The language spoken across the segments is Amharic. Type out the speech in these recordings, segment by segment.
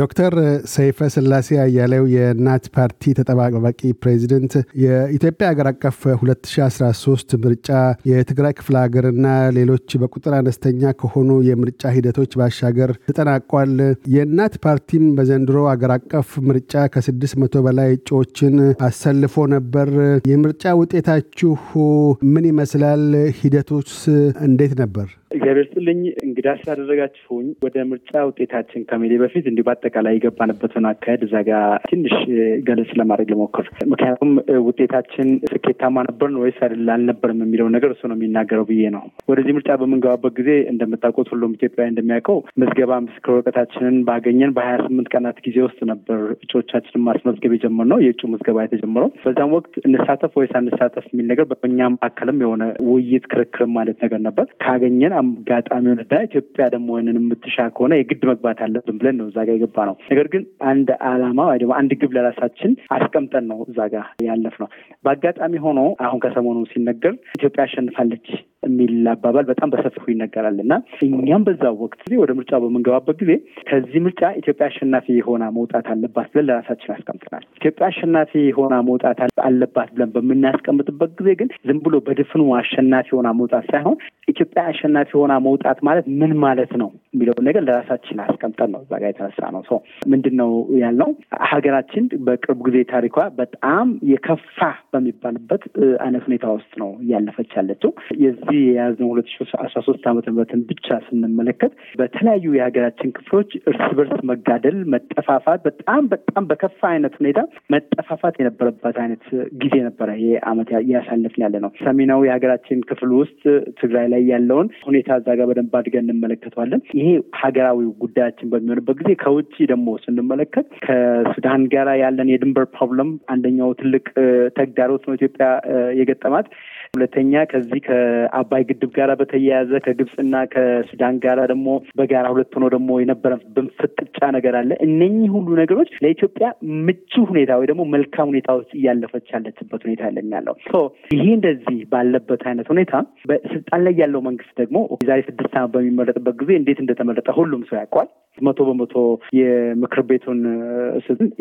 ዶክተር ሰይፈ ስላሴ አያሌው የእናት ፓርቲ ተጠባባቂ ፕሬዚደንት፣ የኢትዮጵያ ሀገር አቀፍ 2013 ምርጫ የትግራይ ክፍለ ሀገርና ሌሎች በቁጥር አነስተኛ ከሆኑ የምርጫ ሂደቶች ባሻገር ተጠናቋል። የእናት ፓርቲም በዘንድሮ ሀገር አቀፍ ምርጫ ከ መቶ በላይ እጩዎችን አሰልፎ ነበር። የምርጫ ውጤታችሁ ምን ይመስላል? ሂደቱስ እንዴት ነበር? እግዚአብሔር ስጥልኝ እንግዳ ስላደረጋችሁኝ። ወደ ምርጫ ውጤታችን ከሜሌ በፊት እንዲሁ በአጠቃላይ የገባንበትን አካሄድ እዛ ጋር ትንሽ ገለጽ ለማድረግ ልሞክር። ምክንያቱም ውጤታችን ስኬታማ ነበርን ወይስ አልነበርም የሚለው ነገር እሱ ነው የሚናገረው ብዬ ነው። ወደዚህ ምርጫ በምንገባበት ጊዜ እንደምታውቁት ሁሉም ኢትዮጵያዊ እንደሚያውቀው ምዝገባ ምስክር ወረቀታችንን ባገኘን በሀያ ስምንት ቀናት ጊዜ ውስጥ ነበር እጩዎቻችንን ማስመዝገብ የጀመርነው የእጩ ምዝገባ የተጀመረው። በዛም ወቅት እንሳተፍ ወይስ አንሳተፍ የሚል ነገር በእኛ መካከልም የሆነ ውይይት ክርክርም ማለት ነገር ነበር ካገኘን በጣም አጋጣሚ ኢትዮጵያ ደግሞ ወይንን የምትሻ ከሆነ የግድ መግባት አለብን ብለን ነው እዛ ጋ የገባ ነው። ነገር ግን አንድ አላማ ወይ ደግሞ አንድ ግብ ለራሳችን አስቀምጠን ነው እዛ ጋ ያለፍ ነው። በአጋጣሚ ሆኖ አሁን ከሰሞኑ ሲነገር ኢትዮጵያ አሸንፋለች የሚል አባባል በጣም በሰፊው ይነገራል እና እኛም በዛ ወቅት ጊዜ ወደ ምርጫ በምንገባበት ጊዜ ከዚህ ምርጫ ኢትዮጵያ አሸናፊ የሆና መውጣት አለባት ብለን ለራሳችን አስቀምጠናል። ኢትዮጵያ አሸናፊ የሆና መውጣት አለባት ብለን በምናስቀምጥበት ጊዜ ግን ዝም ብሎ በድፍኑ አሸናፊ የሆና መውጣት ሳይሆን ኢትዮጵያ አሸናፊ የሆና መውጣት ማለት ምን ማለት ነው የሚለውን ነገር ለራሳችን አስቀምጠን ነው እዛ ጋር የተነሳ ነው። ሰው ምንድን ነው ያልነው? ሀገራችን በቅርብ ጊዜ ታሪኳ በጣም የከፋ በሚባልበት አይነት ሁኔታ ውስጥ ነው እያለፈች ያለችው። የዚህ እንግዲህ የያዝነው ሁለት ሺ አስራ ሶስት ዓመተ ምህረትን ብቻ ስንመለከት በተለያዩ የሀገራችን ክፍሎች እርስ በርስ መጋደል፣ መጠፋፋት በጣም በጣም በከፋ አይነት ሁኔታ መጠፋፋት የነበረበት አይነት ጊዜ ነበረ። ይህ አመት እያሳለፍን ያለ ነው። ሰሜናዊ የሀገራችን ክፍል ውስጥ ትግራይ ላይ ያለውን ሁኔታ እዛ ጋር በደንብ አድገን እንመለከተዋለን። ይሄ ሀገራዊ ጉዳያችን በሚሆንበት ጊዜ ከውጭ ደግሞ ስንመለከት ከሱዳን ጋራ ያለን የድንበር ፕሮብለም አንደኛው ትልቅ ተግዳሮት ነው ኢትዮጵያ የገጠማት። ሁለተኛ ከዚህ ከአባይ ግድብ ጋር በተያያዘ ከግብፅና ከሱዳን ጋር ደግሞ በጋራ ሁለት ሆኖ ደግሞ የነበረብን ፍጥጫ ነገር አለ። እነኚህ ሁሉ ነገሮች ለኢትዮጵያ ምቹ ሁኔታ ወይ ደግሞ መልካም ሁኔታ ውስጥ እያለፈች ያለችበት ሁኔታ ያለኝ ያለው ይሄ እንደዚህ ባለበት አይነት ሁኔታ በስልጣን ላይ ያለው መንግስት ደግሞ የዛሬ ስድስት ዓመት በሚመረጥበት ጊዜ እንዴት እንደተመረጠ ሁሉም ሰው ያውቀዋል። መቶ በመቶ የምክር ቤቱን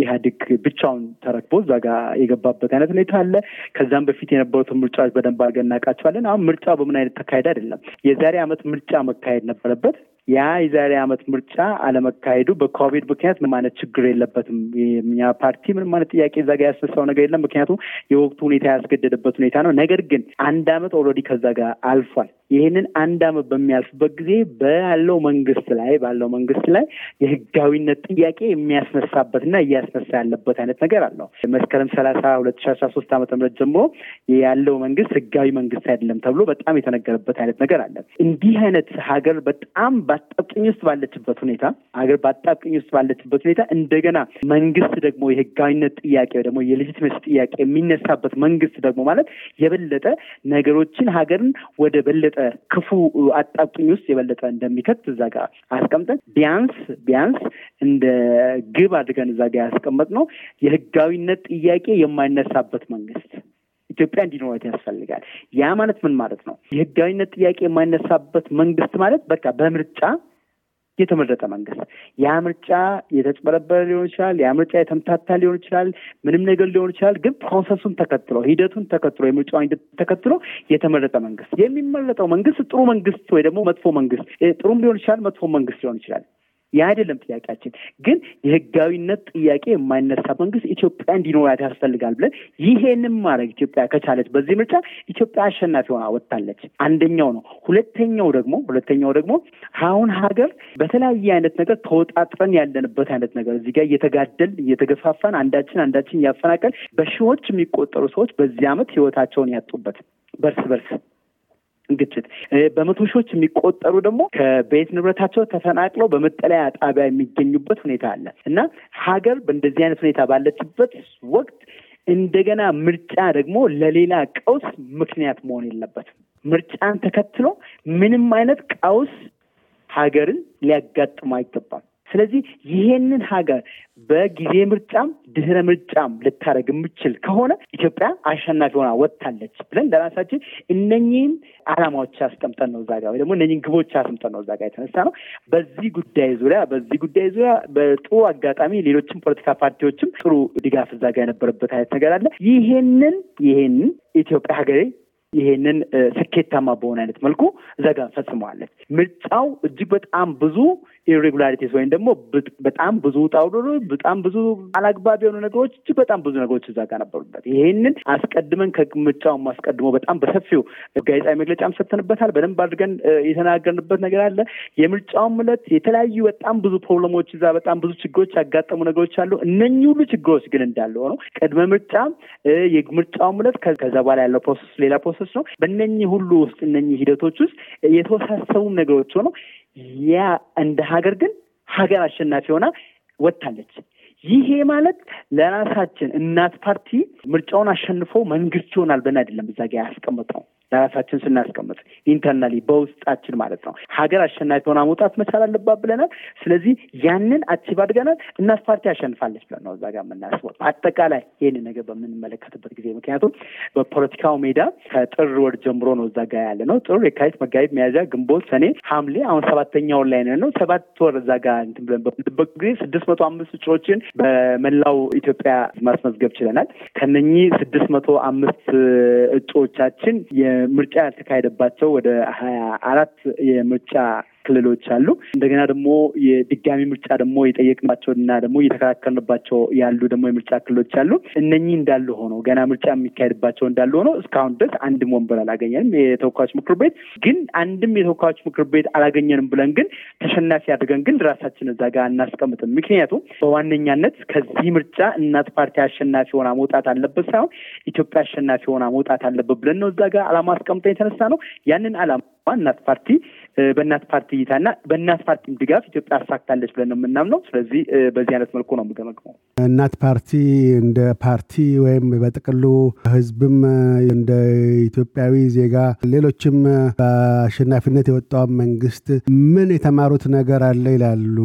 ኢህአዴግ ብቻውን ተረክቦ እዛ ጋር የገባበት አይነት ሁኔታ አለ። ከዛም በፊት የነበሩትን ምርጫዎች በደንብ በሚገባ አድርገን እናውቃቸዋለን። አሁን ምርጫው በምን አይነት ተካሄደ አይደለም። የዛሬ ዓመት ምርጫ መካሄድ ነበረበት። ያ የዛሬ ዓመት ምርጫ አለመካሄዱ በኮቪድ ምክንያት ምንም አይነት ችግር የለበትም። የኛ ፓርቲ ምንም አይነት ጥያቄ እዛ ያስነሳው ነገር የለም። ምክንያቱም የወቅቱ ሁኔታ ያስገደደበት ሁኔታ ነው። ነገር ግን አንድ ዓመት ኦልሬዲ ከዛ ጋር አልፏል። ይህንን አንድ ዓመት በሚያልፍበት ጊዜ ባለው መንግስት ላይ ባለው መንግስት ላይ የህጋዊነት ጥያቄ የሚያስነሳበትና እያስነሳ ያለበት አይነት ነገር አለው። መስከረም ሰላሳ ሁለት ሺ አስራ ሶስት ዓመተ ምህረት ጀምሮ ያለው መንግስት ህጋዊ መንግስት አይደለም ተብሎ በጣም የተነገረበት አይነት ነገር አለ። እንዲህ አይነት ሀገር በጣም በአጣብቅኝ ውስጥ ባለችበት ሁኔታ አገር በአጣብቅኝ ውስጥ ባለችበት ሁኔታ እንደገና መንግስት ደግሞ የህጋዊነት ጥያቄ ደግሞ የሌጂትመሲ ጥያቄ የሚነሳበት መንግስት ደግሞ ማለት የበለጠ ነገሮችን ሀገርን ወደ በለጠ ክፉ አጣብቅኝ ውስጥ የበለጠ እንደሚከት እዛ ጋር አስቀምጠን ቢያንስ ቢያንስ እንደ ግብ አድርገን እዛ ጋር ያስቀመጥ ነው የህጋዊነት ጥያቄ የማይነሳበት መንግስት ኢትዮጵያ እንዲኖረት ያስፈልጋል። ያ ማለት ምን ማለት ነው? የህጋዊነት ጥያቄ የማይነሳበት መንግስት ማለት በቃ በምርጫ የተመረጠ መንግስት። ያ ምርጫ የተጭበረበረ ሊሆን ይችላል። ያ ምርጫ የተምታታ ሊሆን ይችላል። ምንም ነገር ሊሆን ይችላል። ግን ፕሮሰሱን ተከትሎ ሂደቱን ተከትሎ የምርጫውን ሂደት ተከትሎ የተመረጠ መንግስት። የሚመረጠው መንግስት ጥሩ መንግስት ወይ ደግሞ መጥፎ መንግስት፣ ጥሩም ሊሆን ይችላል፣ መጥፎ መንግስት ሊሆን ይችላል። ያ አይደለም ጥያቄያችን። ግን የህጋዊነት ጥያቄ የማይነሳ መንግስት ኢትዮጵያ እንዲኖራት ያስፈልጋል ብለን ይሄንም ማድረግ ኢትዮጵያ ከቻለች በዚህ ምርጫ ኢትዮጵያ አሸናፊ ሆና ወጥታለች። አንደኛው ነው። ሁለተኛው ደግሞ ሁለተኛው ደግሞ አሁን ሀገር በተለያየ አይነት ነገር ተወጣጥረን ያለንበት አይነት ነገር እዚህ ጋር እየተጋደል እየተገፋፋን አንዳችን አንዳችን እያፈናቀል በሺዎች የሚቆጠሩ ሰዎች በዚህ አመት ህይወታቸውን ያጡበት በርስ በርስ ግጭት፣ በመቶ ሺዎች የሚቆጠሩ ደግሞ ከቤት ንብረታቸው ተፈናቅለው በመጠለያ ጣቢያ የሚገኙበት ሁኔታ አለ እና ሀገር በእንደዚህ አይነት ሁኔታ ባለችበት ወቅት እንደገና ምርጫ ደግሞ ለሌላ ቀውስ ምክንያት መሆን የለበትም። ምርጫን ተከትሎ ምንም አይነት ቀውስ ሀገርን ሊያጋጥሙ አይገባም። ስለዚህ ይሄንን ሀገር በጊዜ ምርጫም ድህረ ምርጫም ልታደረግ የምችል ከሆነ ኢትዮጵያ አሸናፊ ሆና ወጥታለች ብለን ለራሳችን እነኚህን አላማዎች አስቀምጠን ነው እዛ ወይ ደግሞ እነኚህን ግቦች አስቀምጠን ነው ዛጋ የተነሳ ነው። በዚህ ጉዳይ ዙሪያ በዚህ ጉዳይ ዙሪያ በጥሩ አጋጣሚ ሌሎችም ፖለቲካ ፓርቲዎችም ጥሩ ድጋፍ እዛጋ የነበረበት አይነት ነገር አለ። ይሄንን ይሄንን ኢትዮጵያ ሀገሬ ይሄንን ስኬታማ በሆነ አይነት መልኩ እዛጋ ፈጽመዋለች። ምርጫው እጅግ በጣም ብዙ ኢሬጉላሪቲስ ወይም ደግሞ በጣም ብዙ ጣውሎ በጣም ብዙ አላግባብ የሆኑ ነገሮች እ በጣም ብዙ ነገሮች እዛ ጋር ነበሩበት። ይሄንን አስቀድመን ከምርጫውም አስቀድሞ በጣም በሰፊው ጋዜጣዊ መግለጫም ሰጥተንበታል። በደንብ አድርገን የተናገርንበት ነገር አለ። የምርጫውም ዕለት የተለያዩ በጣም ብዙ ፕሮብለሞች እዛ በጣም ብዙ ችግሮች ያጋጠሙ ነገሮች አሉ። እነኚህ ሁሉ ችግሮች ግን እንዳለ ሆኖ ቅድመ ምርጫም የምርጫውም ዕለት ከዛ በኋላ ያለው ፕሮሰስ ሌላ ፕሮሰስ ነው። በእነኚህ ሁሉ ውስጥ እነኚህ ሂደቶች ውስጥ የተወሳሰቡም ነገሮች ሆነው ያ እንደ ሀገር ግን ሀገር አሸናፊ ሆና ወጥታለች። ይሄ ማለት ለራሳችን እናት ፓርቲ ምርጫውን አሸንፎ መንግስት ይሆናል ብን አይደለም እዛ ጋ ያስቀመጥነው ለራሳችን ስናስቀምጥ ኢንተርናሊ በውስጣችን ማለት ነው። ሀገር አሸናፊ ሆና መውጣት መቻል አለባት ብለናል። ስለዚህ ያንን አቺቭ አድርገናል። እናት ፓርቲ አሸንፋለች ብለን ነው እዛ ጋር የምናስበው አጠቃላይ ይህን ነገር በምንመለከትበት ጊዜ ምክንያቱም በፖለቲካው ሜዳ ከጥር ወር ጀምሮ ነው እዛ ጋር ያለ ነው። ጥር፣ የካቲት፣ መጋቢት፣ ሚያዝያ፣ ግንቦት፣ ሰኔ፣ ሐምሌ አሁን ሰባተኛውን ላይ ነው። ሰባት ወር እዛ ጋር ብለን በጊዜ ስድስት መቶ አምስት እጩዎችን በመላው ኢትዮጵያ ማስመዝገብ ችለናል። ከነኚህ ስድስት መቶ አምስት እጩዎቻችን የምርጫ ያልተካሄደባቸው ወደ ሀያ አራት የምርጫ ክልሎች አሉ። እንደገና ደግሞ የድጋሚ ምርጫ ደግሞ የጠየቅንባቸው እና ደግሞ እየተከራከርንባቸው ያሉ ደግሞ የምርጫ ክልሎች አሉ። እነኚህ እንዳሉ ሆኖ ገና ምርጫ የሚካሄድባቸው እንዳሉ ሆኖ እስካሁን ድረስ አንድም ወንበር አላገኘንም። የተወካዮች ምክር ቤት ግን አንድም የተወካዮች ምክር ቤት አላገኘንም ብለን ግን ተሸናፊ አድርገን ግን ራሳችን እዛ ጋር አናስቀምጥም። ምክንያቱም በዋነኛነት ከዚህ ምርጫ እናት ፓርቲ አሸናፊ ሆና መውጣት አለበት ሳይሆን ኢትዮጵያ አሸናፊ ሆና መውጣት አለበት ብለን ነው እዛ ጋር አላማ አስቀምጠን የተነሳ ነው ያንን አላማ እናት ፓርቲ በእናት ፓርቲ እይታና በእናት ፓርቲም ድጋፍ ኢትዮጵያ አሳክታለች ብለን ነው የምናምነው። ስለዚህ በዚህ አይነት መልኩ ነው የምገመግመው። እናት ፓርቲ እንደ ፓርቲ ወይም በጥቅሉ ህዝብም እንደ ኢትዮጵያዊ ዜጋ፣ ሌሎችም በአሸናፊነት የወጣው መንግስት ምን የተማሩት ነገር አለ ይላሉ?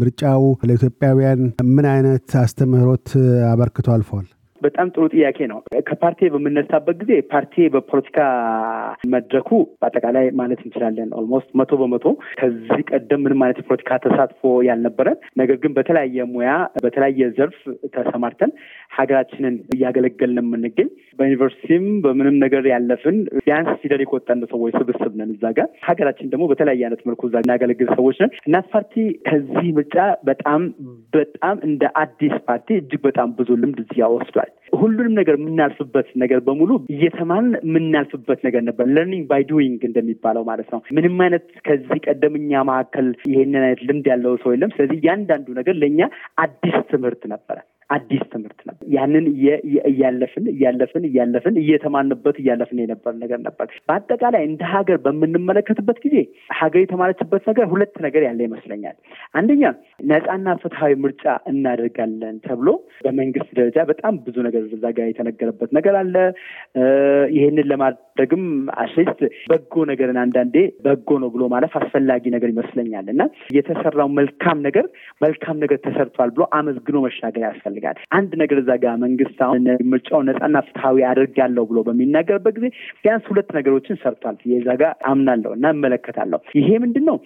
ምርጫው ለኢትዮጵያውያን ምን አይነት አስተምህሮት አበርክቶ አልፏል? በጣም ጥሩ ጥያቄ ነው። ከፓርቲ በምነሳበት ጊዜ ፓርቲ በፖለቲካ መድረኩ በአጠቃላይ ማለት እንችላለን ኦልሞስት መቶ በመቶ ከዚህ ቀደም ምንም አይነት የፖለቲካ ተሳትፎ ያልነበረን፣ ነገር ግን በተለያየ ሙያ በተለያየ ዘርፍ ተሰማርተን ሀገራችንን እያገለገልን የምንገኝ በዩኒቨርሲቲም በምንም ነገር ያለፍን ቢያንስ ሲደር የቆጠን ሰዎች ስብስብ ነን። እዛ ጋር ሀገራችን ደግሞ በተለያየ አይነት መልኩ እዛ እናገለግል ሰዎች ነን። እናት ፓርቲ ከዚህ ምርጫ በጣም በጣም እንደ አዲስ ፓርቲ እጅግ በጣም ብዙ ልምድ እዚያ ወስዷል። ሁሉንም ነገር የምናልፍበት ነገር በሙሉ እየተማን የምናልፍበት ነገር ነበር። ለርኒንግ ባይ ዱዊንግ እንደሚባለው ማለት ነው። ምንም አይነት ከዚህ ቀደም እኛ መካከል ይሄንን አይነት ልምድ ያለው ሰው የለም። ስለዚህ እያንዳንዱ ነገር ለእኛ አዲስ ትምህርት ነበረ። አዲስ ትምህርት ነበር። ያንን እያለፍን እያለፍን እያለፍን እየተማንበት እያለፍን የነበር ነገር ነበር። በአጠቃላይ እንደ ሀገር በምንመለከትበት ጊዜ ሀገር የተማረችበት ነገር ሁለት ነገር ያለ ይመስለኛል። አንደኛ ነፃና ፍትሐዊ ምርጫ እናደርጋለን ተብሎ በመንግስት ደረጃ በጣም ብዙ ነገር እዛ ጋር የተነገረበት ነገር አለ። ይህንን ለማድረግም አትሊስት በጎ ነገርን አንዳንዴ በጎ ነው ብሎ ማለፍ አስፈላጊ ነገር ይመስለኛል እና የተሰራው መልካም ነገር መልካም ነገር ተሰርቷል ብሎ አመዝግኖ መሻገር ያስፈል ያስፈልጋል። አንድ ነገር እዛ ጋር መንግስት አሁን ምርጫው ነጻና ፍትሐዊ አድርጋለሁ ብሎ በሚናገርበት ጊዜ ቢያንስ ሁለት ነገሮችን ሰርቷል። የዛ ጋር አምናለሁ እና እመለከታለሁ። ይሄ ምንድን ነው?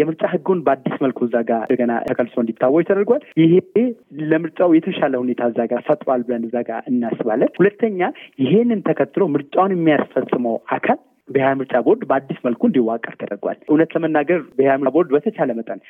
የምርጫ ህጉን በአዲስ መልኩ እዛ ጋር እንደገና ተቀልሶ እንዲታወጅ ተደርጓል። ይሄ ለምርጫው የተሻለ ሁኔታ እዛ ጋር ፈጥሯል ብለን እዛ ጋር እናስባለን። ሁለተኛ ይሄንን ተከትሎ ምርጫውን የሚያስፈጽመው አካል ብሔራዊ ምርጫ ቦርድ በአዲስ መልኩ እንዲዋቀር ተደርጓል። እውነት ለመናገር ብሔራዊ ምርጫ ቦርድ በተቻለ መጠን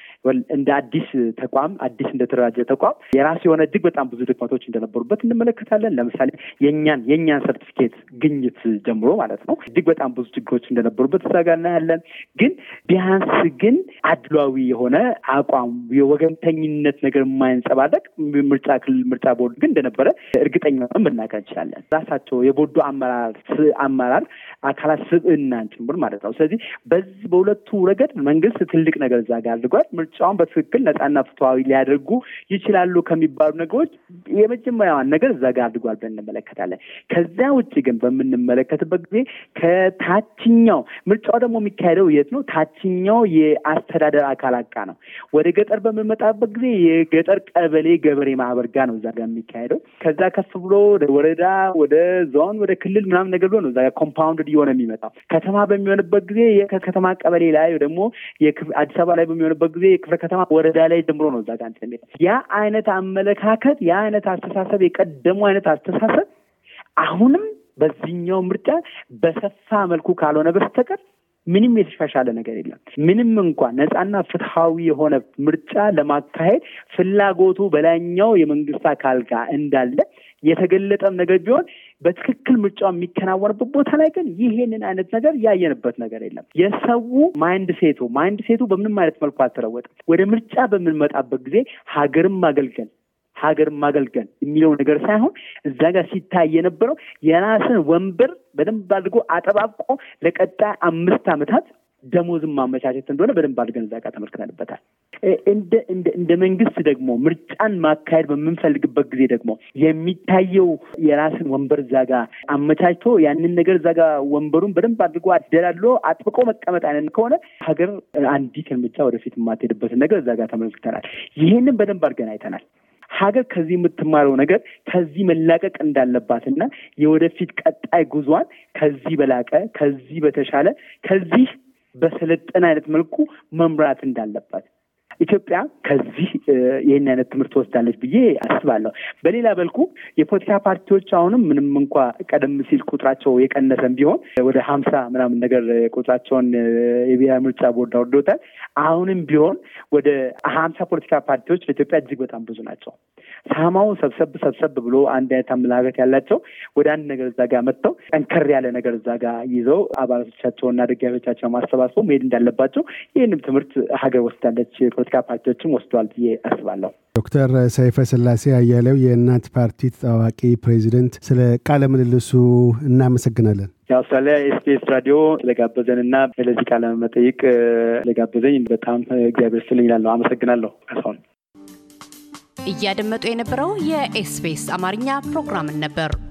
እንደ አዲስ ተቋም አዲስ እንደተደራጀ ተቋም የራሱ የሆነ እጅግ በጣም ብዙ ድክመቶች እንደነበሩበት እንመለከታለን። ለምሳሌ የእኛን የእኛን ሰርቲፊኬት ግኝት ጀምሮ ማለት ነው እጅግ በጣም ብዙ ችግሮች እንደነበሩበት እዛጋ እናያለን። ግን ቢያንስ ግን አድሏዊ የሆነ አቋም የወገንተኝነት ነገር የማያንጸባረቅ ምርጫ ክልል ምርጫ ቦርድ ግን እንደነበረ እርግጠኛ መናገር እንችላለን። ራሳቸው የቦርዱ አመራር አመራር አካላት እናን ጭምር ማለት ነው። ስለዚህ በዚህ በሁለቱ ረገድ መንግስት ትልቅ ነገር እዛ ጋር አድርጓል። ምርጫውን በትክክል ነጻና ፍትሐዊ ሊያደርጉ ይችላሉ ከሚባሉ ነገሮች የመጀመሪያዋን ነገር እዛ ጋር አድርጓል ብለን እንመለከታለን። ከዚያ ውጭ ግን በምንመለከትበት ጊዜ ከታችኛው ምርጫው ደግሞ የሚካሄደው የት ነው? ታችኛው የአስተዳደር አካል አቃ ነው። ወደ ገጠር በምንመጣበት ጊዜ የገጠር ቀበሌ ገበሬ ማህበር ጋር ነው እዛ ጋር የሚካሄደው። ከዛ ከፍ ብሎ ወደ ወረዳ፣ ወደ ዞን፣ ወደ ክልል ምናምን ነገር ብሎ ነው እዛ ጋር ኮምፓውንድ እየሆነ የሚመጣው። ከተማ በሚሆንበት ጊዜ ከከተማ ቀበሌ ላይ ደግሞ አዲስ አበባ ላይ በሚሆንበት ጊዜ የክፍለ ከተማ ወረዳ ላይ ጀምሮ ነው እዛ ጋር ያ አይነት አመለካከት ያ አይነት አስተሳሰብ የቀደሙ አይነት አስተሳሰብ አሁንም በዚህኛው ምርጫ በሰፋ መልኩ ካልሆነ በስተቀር ምንም የተሻሻለ ነገር የለም። ምንም እንኳን ነፃና ፍትሐዊ የሆነ ምርጫ ለማካሄድ ፍላጎቱ በላይኛው የመንግስት አካል ጋር እንዳለ የተገለጠም ነገር ቢሆን በትክክል ምርጫው የሚከናወንበት ቦታ ላይ ግን ይሄንን አይነት ነገር ያየንበት ነገር የለም። የሰው ማይንድ ሴቱ ማይንድ ሴቱ በምንም አይነት መልኩ አልተለወጠም። ወደ ምርጫ በምንመጣበት ጊዜ ሀገርን ማገልገል ሀገር ማገልገል የሚለው ነገር ሳይሆን እዛ ጋር ሲታይ የነበረው የራስን ወንበር በደንብ አድርጎ አጠባብቆ ለቀጣይ አምስት ዓመታት ደሞዝን ማመቻቸት እንደሆነ በደንብ አድርገን እዛ ጋር ተመልክተንበታል። እንደ እንደ መንግስት ደግሞ ምርጫን ማካሄድ በምንፈልግበት ጊዜ ደግሞ የሚታየው የራስን ወንበር እዛ ጋ አመቻችቶ ያንን ነገር እዛ ጋ ወንበሩን በደንብ አድርጎ አደላሎ አጥብቆ መቀመጥ አይነት ከሆነ ሀገር አንዲት እርምጃ ወደፊት የማትሄድበትን ነገር እዛ ጋር ተመልክተናል። ይህንን በደንብ አድርገን አይተናል። ሀገር ከዚህ የምትማረው ነገር ከዚህ መላቀቅ እንዳለባትና የወደፊት ቀጣይ ጉዟን ከዚህ በላቀ ከዚህ በተሻለ ከዚህ በሰለጠነ አይነት መልኩ መምራት እንዳለባት ኢትዮጵያ ከዚህ ይህን አይነት ትምህርት ወስዳለች ብዬ አስባለሁ። በሌላ በልኩ የፖለቲካ ፓርቲዎች አሁንም ምንም እንኳ ቀደም ሲል ቁጥራቸው የቀነሰን ቢሆን ወደ ሀምሳ ምናምን ነገር ቁጥራቸውን የብሔራዊ ምርጫ ቦርድ አውርዶታል። አሁንም ቢሆን ወደ ሀምሳ ፖለቲካ ፓርቲዎች ለኢትዮጵያ እጅግ በጣም ብዙ ናቸው። ሳማው ሰብሰብ ሰብሰብ ብሎ አንድ አይነት አመለካከት ያላቸው ወደ አንድ ነገር እዛ ጋር መጥተው ጠንከር ያለ ነገር እዛ ጋር ይዘው አባላቶቻቸውና ደጋፊዎቻቸውን ማሰባስበው መሄድ እንዳለባቸው ይህንም ትምህርት ሀገር ወስዳለች የፖለቲካ ፓርቲዎችም ወስዷል ብዬ አስባለሁ። ዶክተር ሰይፈ ስላሴ አያሌው የእናት ፓርቲ ተጠዋቂ ፕሬዚደንት፣ ስለ ቃለ ምልልሱ እናመሰግናለን። የአውስትራሊያ ኤስቢኤስ ራዲዮ ስለጋበዘን እና ለዚህ ቃለ መጠይቅ ስለጋበዘኝ በጣም እግዚአብሔር ስልኝ አመሰግናለሁ። አሁን እያደመጡ የነበረው የኤስቢኤስ አማርኛ ፕሮግራምን ነበር።